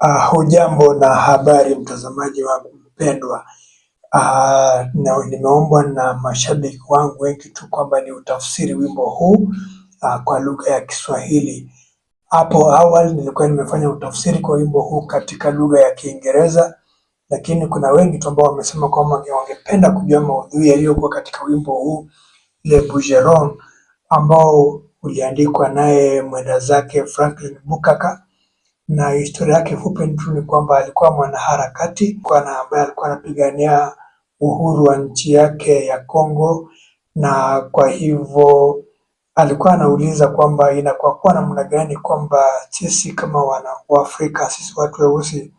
Uh, hujambo na habari mtazamaji wangu mpendwa. Uh, na nimeombwa na mashabiki wangu wengi tu kwamba ni utafsiri wimbo huu uh, kwa lugha ya Kiswahili. Hapo awali nilikuwa nimefanya utafsiri kwa wimbo huu katika lugha ya Kiingereza, lakini kuna wengi tu ambao wamesema kwamba wangependa kujua maudhui yaliyokuwa katika wimbo huu Le Bougeron ambao uliandikwa naye mwenda zake Franklin Bukaka na historia yake fupi tu ni kwamba alikuwa mwanaharakati ambaye alikuwa anapigania uhuru wa nchi yake ya Kongo, na kwa hivyo alikuwa anauliza kwamba inakuwa kwa namna gani kwamba sisi kama wana Waafrika, sisi watu weusi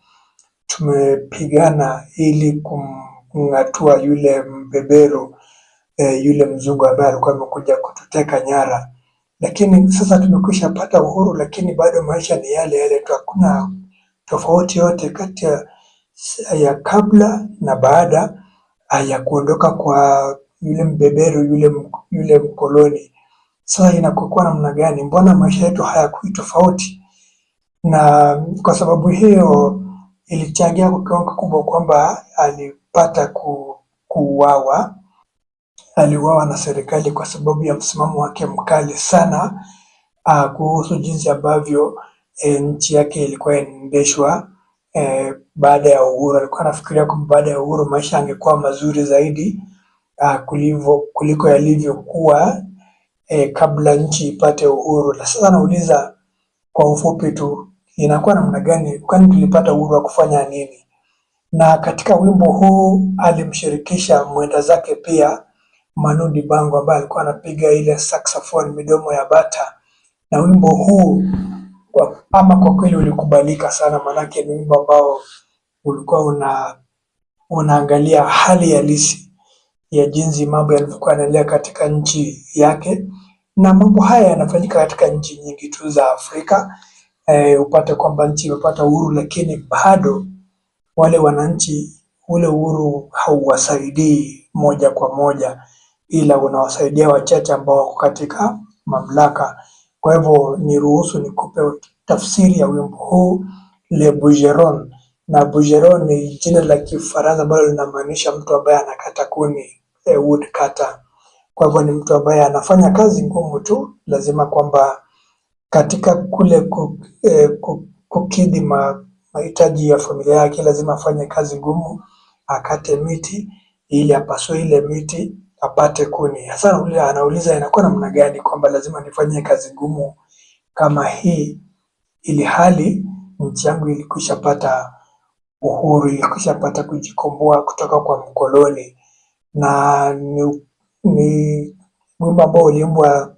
tumepigana ili kumng'atua yule mbebero eh, yule mzungu ambaye alikuwa amekuja kututeka nyara lakini sasa tumekwisha pata uhuru, lakini bado maisha ni yale yale tu, hakuna tofauti yote kati ya kabla na baada ya kuondoka kwa yule mbeberu yule, yule mkoloni. Sasa inakokuwa namna gani? Mbona maisha yetu hayakui tofauti? Na kwa sababu hiyo ilichangia kwa kiwango kikubwa kwamba alipata ku, kuuawa aliuawa na serikali kwa sababu ya msimamo wake mkali sana uh, kuhusu jinsi ambavyo e, nchi yake ilikuwa inaendeshwa e, baada ya uhuru. Alikuwa anafikiria kwamba baada ya uhuru maisha angekuwa mazuri zaidi uh, ah, kulivyo, kuliko yalivyokuwa e, kabla nchi ipate uhuru. Na sasa anauliza kwa ufupi tu inakuwa namna gani? Kwani tulipata uhuru wa kufanya nini? Na katika wimbo huu alimshirikisha mwenda zake pia Manu Dibango ambaye alikuwa anapiga ile saxophone midomo ya bata na wimbo huu kwa, ama kwa kweli ulikubalika sana maanake ni wimbo ambao ulikuwa una, unaangalia hali halisi ya jinsi mambo yalivyokuwa yanaendelea katika nchi yake na mambo haya yanafanyika katika nchi nyingi tu za Afrika. E, upate kwamba nchi imepata uhuru lakini bado wale wananchi ule uhuru hauwasaidii moja kwa moja ila unawasaidia wachache ambao wako katika mamlaka. Kwa hivyo ni nikupe tafsiri ya wimbo huu Le Bougeron, na Bougeron ni jina la Kifaransa ambalo linamaanisha mtu ambaye anakata kuni, e, woodcutter. Kwa hivyo ni mtu ambaye anafanya kazi ngumu tu, lazima kwamba katika kule e, kukidhi ma, mahitaji ya familia yake lazima afanye kazi ngumu, akate miti ili apasue ile miti apate kuni. Hasa anauliza inakuwa namna gani kwamba lazima nifanye kazi ngumu kama hii, ili hali nchi yangu ilikushapata uhuru, ilikwishapata kujikomboa kutoka kwa mkoloni, na ni, ni wimbo ambao uliimbwa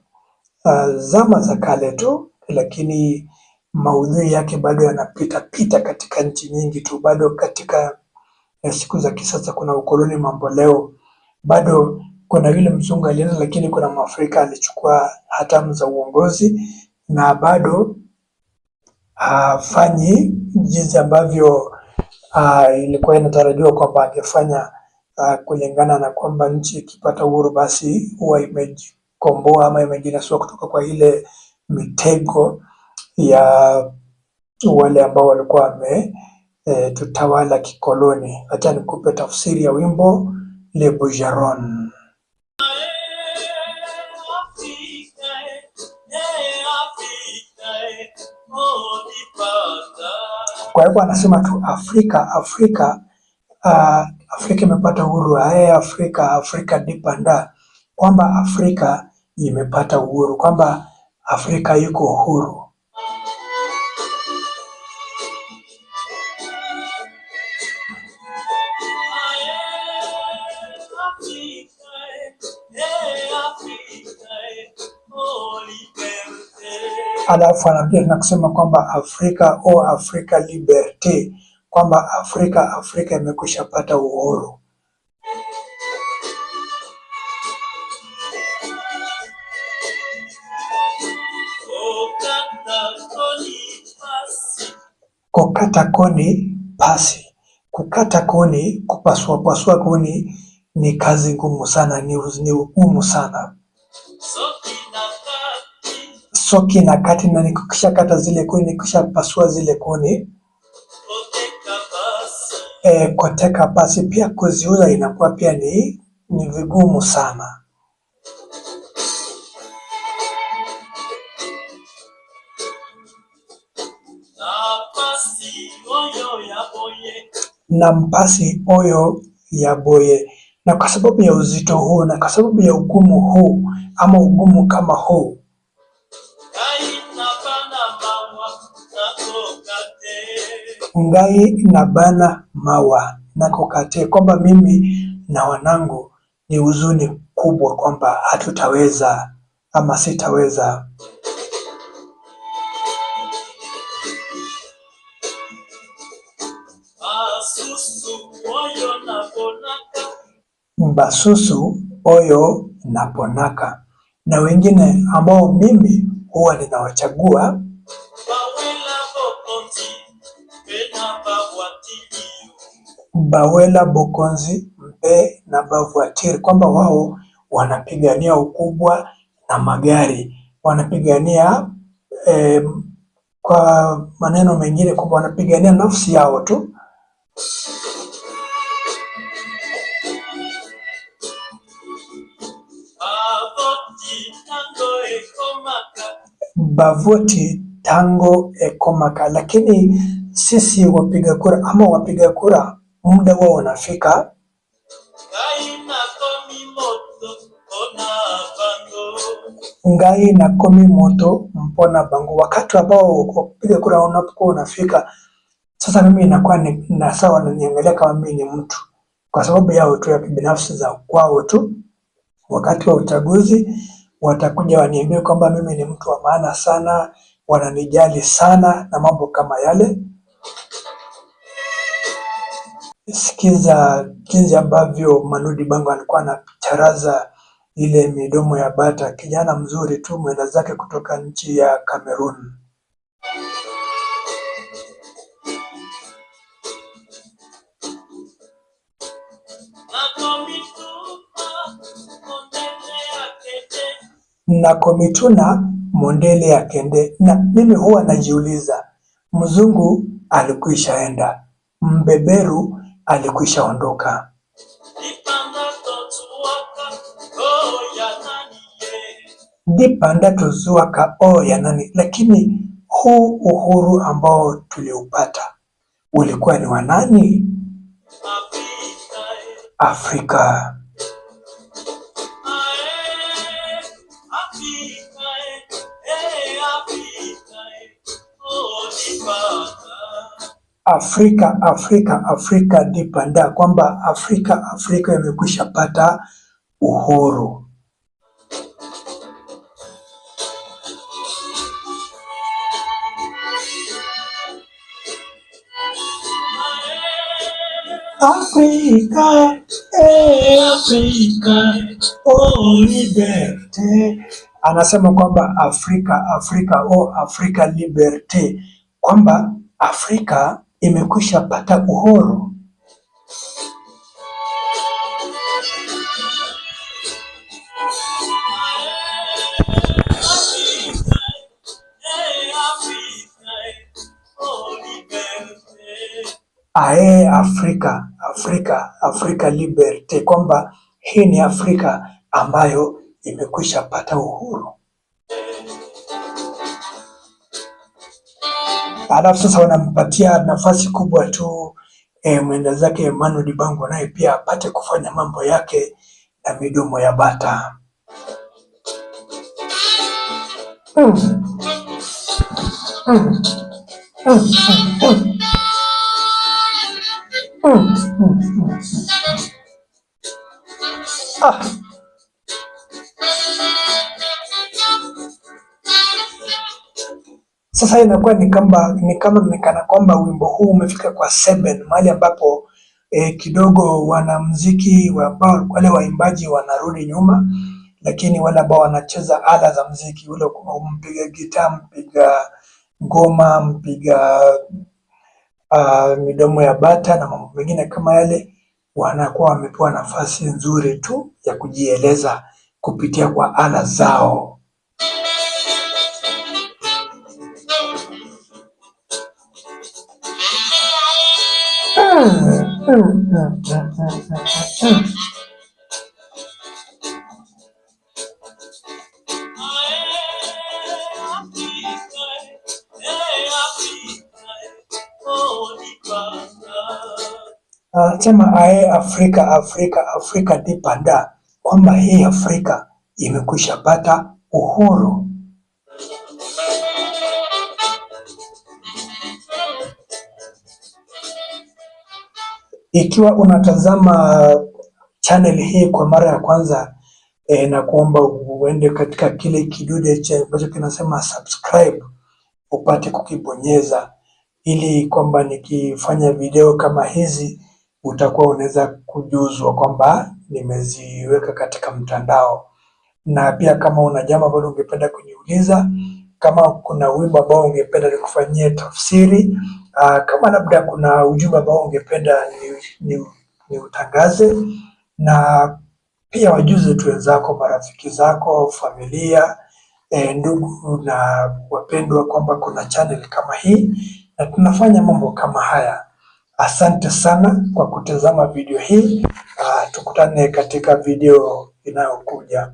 uh, zama za kale tu, lakini maudhui yake bado yanapita pita katika nchi nyingi tu, bado katika eh, siku za kisasa kuna ukoloni mambo leo bado kuna yule mzungu alienda lakini kuna mwafrika alichukua hatamu za uongozi na bado hafanyi jinsi ambavyo ah, ilikuwa inatarajiwa kwamba angefanya ah, kulingana na kwamba nchi ikipata uhuru basi huwa imejikomboa ama imejinasua kutoka kwa ile mitego ya wale ambao walikuwa wametutawala kikoloni. Acha nikupe tafsiri ya wimbo. Le Bougeron. Kwa hivyo anasema tu Afrika, Afrika, uh, Afrika imepata uhuru. Ae, Afrika, Afrika dipanda, kwamba Afrika imepata uhuru, kwamba Afrika yuko uhuru. halafu anakuja na kusema kwamba Afrika o Afrika liberte, kwamba Afrika Afrika imekwisha pata uhuru. Kukata koni pasi, kukata koni, kupasuapasua koni ni kazi ngumu sana, ni ugumu sana so soki na kati na nikisha kata zile kuni, nikisha pasua zile kuni e, eh, koteka pasi pia kuziuza inakuwa pia ni, ni vigumu sana. na mpasi oyo ya boye, na kwa sababu ya uzito huu na kwa sababu ya ugumu huu ama ugumu kama huu Ngai bana mawa na kukate kwamba mimi na wanangu ni huzuni kubwa kwamba hatutaweza ama sitaweza. Mbasusu oyo naponaka na wengine ambao mimi huwa ninawachagua Bawela, Bokonzi, Mbe na bavuatir kwamba wao wanapigania ukubwa na magari, wanapigania eh, kwa maneno mengine kwamba wanapigania nafsi yao tu. Bavoti tango ekomaka, lakini sisi wapiga kura ama wapiga kura muda huwa unafika ngai na komi moto mpona bango. Wakati ambao kupiga kura unapokuwa unafika sasa, mimi inakuwa ni na sawa na niangalia kama mimi ni mtu, kwa sababu yao tu ya kibinafsi za kwao tu. Wakati wa uchaguzi watakuja waniambie kwamba mimi ni mtu wa maana sana, wananijali sana na mambo kama yale sikiza jinsi ambavyo Manudi Bango alikuwa anacharaza ile midomo ya bata. Kijana mzuri tu mwenda zake kutoka nchi ya Cameroon. na komituna mondele ya kende. Na mimi huwa najiuliza, mzungu alikwishaenda, mbeberu alikwisha ondoka. Dipanda tozuaka o ya nani? Lakini huu uhuru ambao tuliupata ulikuwa ni wa nani? Afrika. Afrika Afrika Afrika dipanda kwamba Afrika Afrika imekwisha pata uhuru. Afrika, eh, Afrika, oh liberte. Anasema kwamba Afrika Afrika, oh Afrika liberte, kwamba Afrika imekwisha pata uhuru. Ae, Afrika, Afrika, Afrika liberte, kwamba hii ni Afrika ambayo imekwisha pata uhuru. alafu sasa wanampatia nafasi kubwa tu e, mwenda zake Emmanuel Dibango naye pia apate kufanya mambo yake na midomo ya bata mm. Mm. Mm. Mm. Mm. Mm. Ah. Sasa inakuwa ni kama ni kama ni kwamba wimbo huu umefika kwa seven mahali ambapo eh, kidogo wanamuziki ambao wale waimbaji wanarudi nyuma, lakini wale ambao wanacheza ala za muziki, ule mpiga gitaa, mpiga ngoma, mpiga uh, midomo ya bata na mambo mengine kama yale, wanakuwa wamepewa nafasi nzuri tu ya kujieleza kupitia kwa ala zao. Anasema ae, Afrika Afrika Afrika dipanda, kwamba hii Afrika pata uhuru. Ikiwa unatazama uh, channel hii kwa mara ya kwanza e, eh, na kuomba uende katika kile kidude cha ambacho kinasema subscribe upate kukibonyeza, ili kwamba nikifanya video kama hizi utakuwa unaweza kujuzwa kwamba nimeziweka katika mtandao. Na pia kama una jambo ambalo ungependa kuniuliza, kama kuna wimbo ambao ungependa nikufanyie tafsiri Uh, kama labda kuna ujumbe ambao ungependa ni, ni, ni utangaze na pia wajuze tu wenzako, marafiki zako, familia eh, ndugu na wapendwa kwamba kuna channel kama hii na tunafanya mambo kama haya. Asante sana kwa kutazama video hii. Uh, tukutane katika video inayokuja.